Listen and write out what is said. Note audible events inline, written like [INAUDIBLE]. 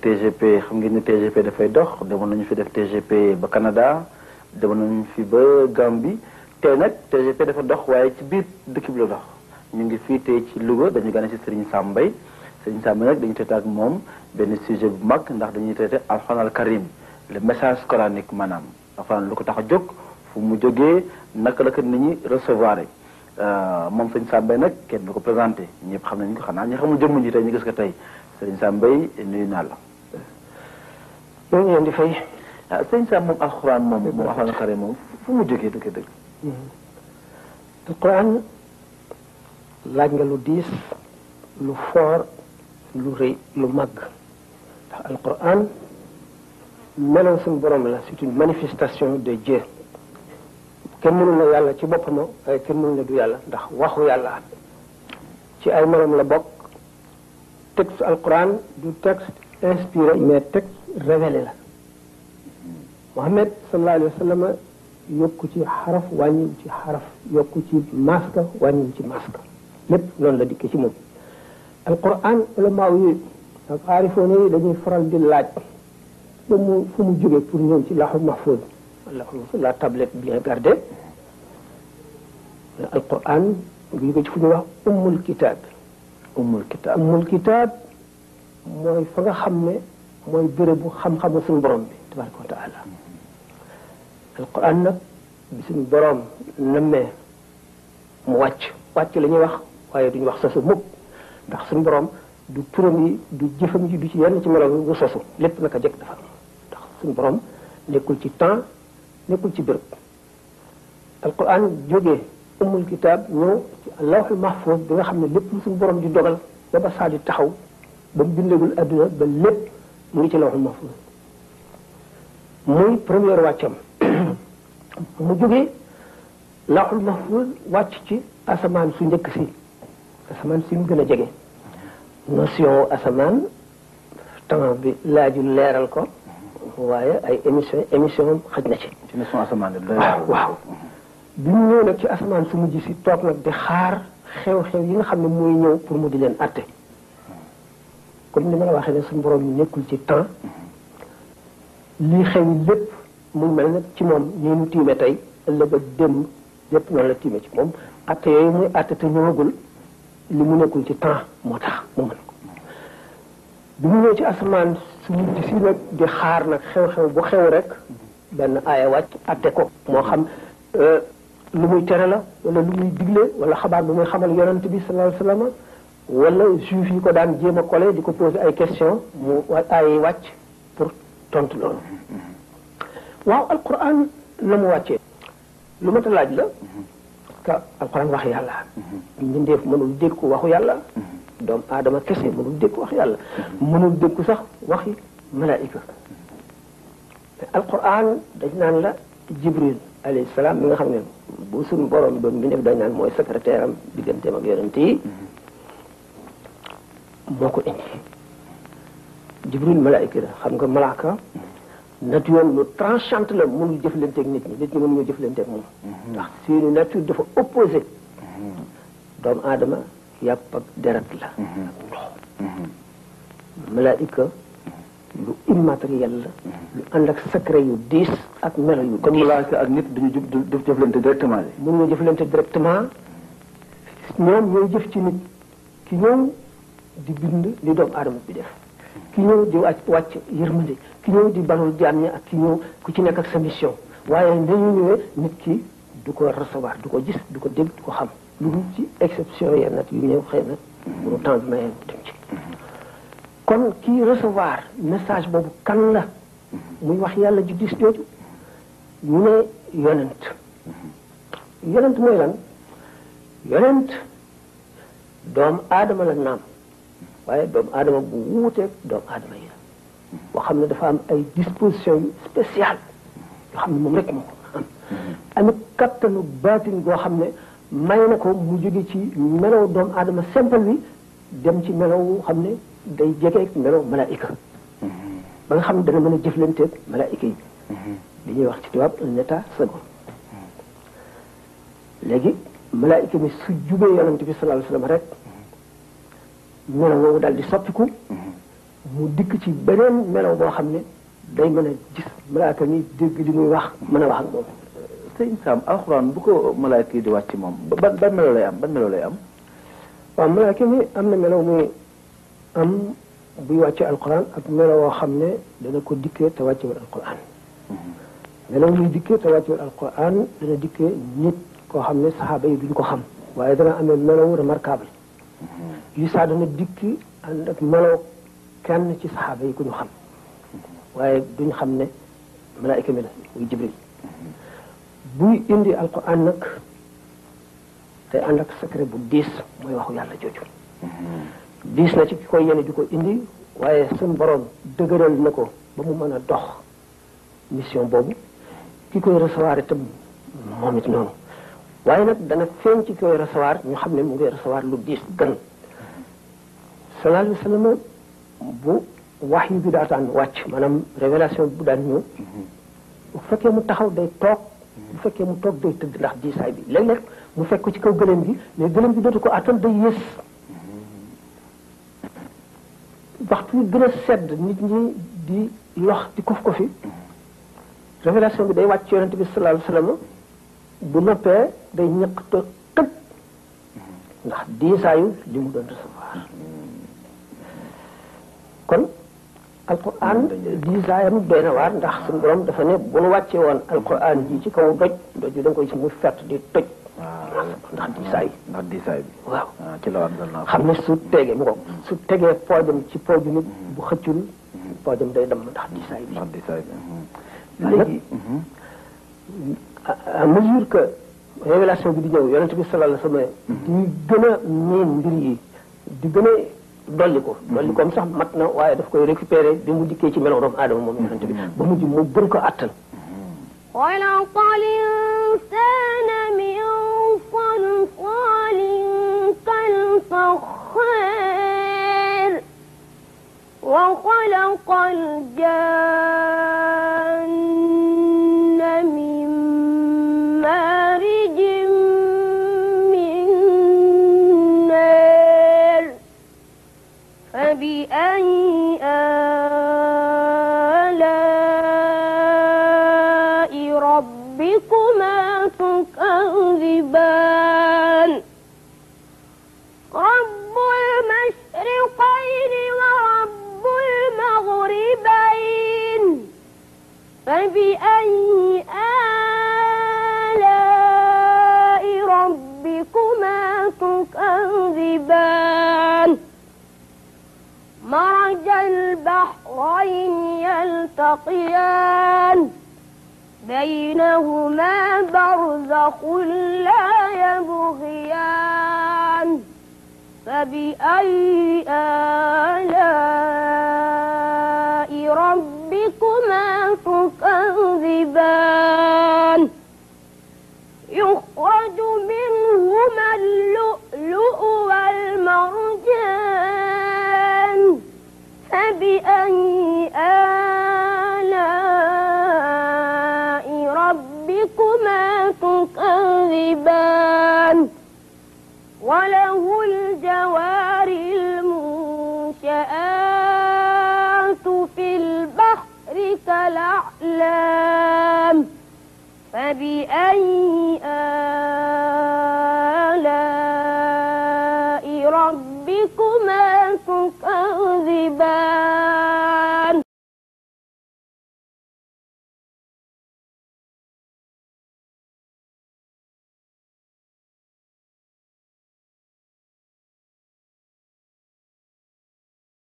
TGP xam ngeen ne TGP dafay dox demoon nañu fi def TGP ba Canada demoon nañu fi ba Gambie tey nag TGP dafa dox waaye ci biir dëkk bi la dox ñu ngi fii tey ci Louga dañu gane ci Serigne Sam Mbaye Serigne Sam Mbaye nag dañu traité ak moom benn sujet bu mag ndax dañuy traité Alxuraan al Karim le message coranique maanaam Alxuraan lu ko tax a jóg fu mu jógee naka la ko nit ñi recevoir euh, moom Serigne Sam Mbaye nag kenn du ko présenté ñëpp xam nañu ko xanaa ñi xamul jëmm ji tey ñu gis ko tey Serigne Sam Mbaye nuyu naa la. ñoo ngi leen di fay sëñ Sam moom alxuraan moom moom alxuraan xare moom fu mu jógee dëgg dëgg alxuraan laaj nga lu diis lu foor lu rëy lu màgg ndax alxuraan meloon suñu borom la c'est une manifestation de Dieu kenn mënul na yàlla ci waaye eh, kenn mënul du yàlla ndax waxu yàlla ci ay meloom la bokk texte alxuraan du texte inspiré mais texte révélé la Muhammad sallallahu alayhi wa sallam yokku ci xaraf wàññiwu ci xaraf yokku ci maska wàññiwu ci maska lépp noonu la dikke ci moom alquran ulama yi ak aarifoon yi dañuy faral di laaj ba fu mu jóge pour ñëw ci laaxu mahfuz allahumma la tablette bien gardée alquran ñu fu ñu wax ummul kitaab ummul kitaab mooy fa xam mooy bérébu xam-xamu suñu borom bi tabaraka wa taala alquran nag bi suñu borom nammee mu wàcc wàcc la ñuy wax waaye duñu wax sosu mukk ndax suñu borom du turam yi du jëfam yi du ci yenn ci meloom wu sosu lépp naka jëkk dafa ndax suñu borom nekkul ci temps nekkul ci béréb alquran jógee umul kitab ñëw ci allahul mahfuz bi nga xam ne lépp lu suñu borom di dogal ba ba saa di taxaw ba mu bindagul adduna ba lépp mu ngi ci lawhul mahfuz muy première wàccam [COUGHS] mu jógee lawhul mahfuz wàcc ci asamaan su njëkk si asamaan si mu gën a jege notion asamaan temps bi laajul leeral ko waaye ay émission émission xaj na ci. ci notion asamaan waaw waaw bi ñëw nag ci asamaan su mujj si toog nag di xaar xew-xew yi nga xam ne mooy ñëw pour mu di leen atte kon ni ma la waxee ne suñu borom yi nekkul ci temps lii xew lépp muy mel nag ci moom nii mu tiime tey ëllëg ak démb lépp noonu la tiime ci moom atte yooyu muy atte te ñëwagul li mu nekkul ci temps moo tax mu mën ko bi mu ñëw ci asamaan su mujj si nag di xaar nag xew-xew bu xew rek benn aaya wàcc atte ko moo xam lu muy tere la wala lu muy digle wala xabaar bu muy xamal yonent bi sallallahu alayhi wa sallam wala juif yi ko daan jéem a di ay question mu ay wàcc pour tontu loolu waaw alquran la mu wàccee lu mat a la ka alquran wax yàlla mënul dégg ko waxu yàlla je aadama kese mënul dégg wax yàlla mënul dégg sax waxi malaika alquran dañ naan la jibril alayhi salaam mi nga xam ne bu borom doon dañ naan mooy secrétaire am ak yonent yi moo ko indi jibril malaayka la xam nga malaaka nature lu tranchante la mënul jëflanteeg nit ñi nit ñi mënuñu jëflanteeg moom mhm. ndax seeni nature dafa opposé mhm. doomu aadama yàpp ak deret la mhm. ak ndox malaayka lu immatériel la lu ànd ak secret yu diis ak melo yu kon malaaka ak nit dañu jub jëflante directement de mënuñu jëflante directement ñoom ñooy jëf ci nit ki ñëw di bind li doomu aadama bi def ki ñëw di wàcc wàcc yërmande ki ñëw di balul jaam ñi ak ki ñëw ku ci nekk ak sa mission waaye dañu ñëwee nit ki du ko recevoir du ko gis du ko dégg du ko xam lu dul ci exception yenn nag yu ñëw xëy na bu temps bi mayeen dem recevoir message boobu kan la muy wax yàlla ju dis jooju ñu ne yonent doomu aadama la naam waaye doomu aadama bu wuuteeg doomu aadama yi la boo xam ne dafa am ay disposition yu yoo xam ne moom rek moo ko am amit baatin goo xam ne may na ko mu jóge ci melaw doomu aadama simple bi dem ci melaw xam ne day jegeeg melaw malaayika ba xam ne dana mën a jëflanteeg malaayika yi li wax ci tubaab un état second léegi malaayika mi su jubee yonent bi sallallahu alayhi wa sallam rek melaw woowu daal di soppiku mu dikk ci beneen melaw boo xam ne day mën a gis malaaka mi dégg li muy wax mën a wax ak moom sëñ Sam alxuraan bu ko malaaka yi di wàcc moom ban ban melaw lay am ban lay am waaw mi am na melaw muy am buy wàcce ak melaw woo xam ne dana ko dikkee te wàccewul alxuraan melaw muy dikkee te nit koo xam ne saxaaba yi duñ ko xam waaye dana amee melaw remarquable yu saa dana dikk ànd ak meloo ci saxaaba yi ku ñu xam waaye duñ xam ne malaayka mi la muy jibril buy indi alquran nag te ànd ak bu diis mooy waxu yàlla jooju diis na ci ki koy yene di ko indi waaye suñ borom dëgëral na ko ba mu mën a dox mission boobu ki koy recevoir itam moom it noonu waaye nag dana feeñ ci koy recevoir ñu xam ne mu ngi recevoir lu diis gën sallallahu alayhi bu wax yu bi daataan wàcc maanaam révélation bu daan ñëw bu fekkee mu taxaw day toog bu fekkee mu toog day tëdd ndax diisaay bi léeg-léeg mu fekk ci kaw gëléem gi mais gëléem gi ko attan day sedd nit ñi di lox di kof kofi révélation bi day wàcc yonente bi sallallahu alayhi bu noppee day ñëq te ndax diisaayu li mu doon recevoir kon alquran mm. diisaayam doy na waar ndax suñu borom dafa ne bu nu wàccee woon alquran jii ci kaw doj doj bi da koy si mu fett di toj ndax diisaay ndax diisaay bi waaw ah, ci la xam ne su tegee mu ko mm. su tegee poojam ci pooju nit mm. bu xëccul poojam day dem ndax diisaay bi ndax diisaay bi à mesure que révélation bi di ñëw yonent bi sallallahu alayhi wasallam di gën a miin mbir yi di gën a dolli ko dolli koom sax mat na waaye daf koy récupérer bi mu dikkee ci melow doomu aadama moom yonent bi ba mujj mu gën ko attan خلق الإنسان من صلصال كالفخار وخلق الجان فبأي آلاء ربكما تكذبان مرج البحرين يلتقيان بينهما برزخ لا يبغيان فبأي آلاء الجبال وله الجوار المنشآت في البحر كالأعلام فبأي آلاء ربكما تكذبان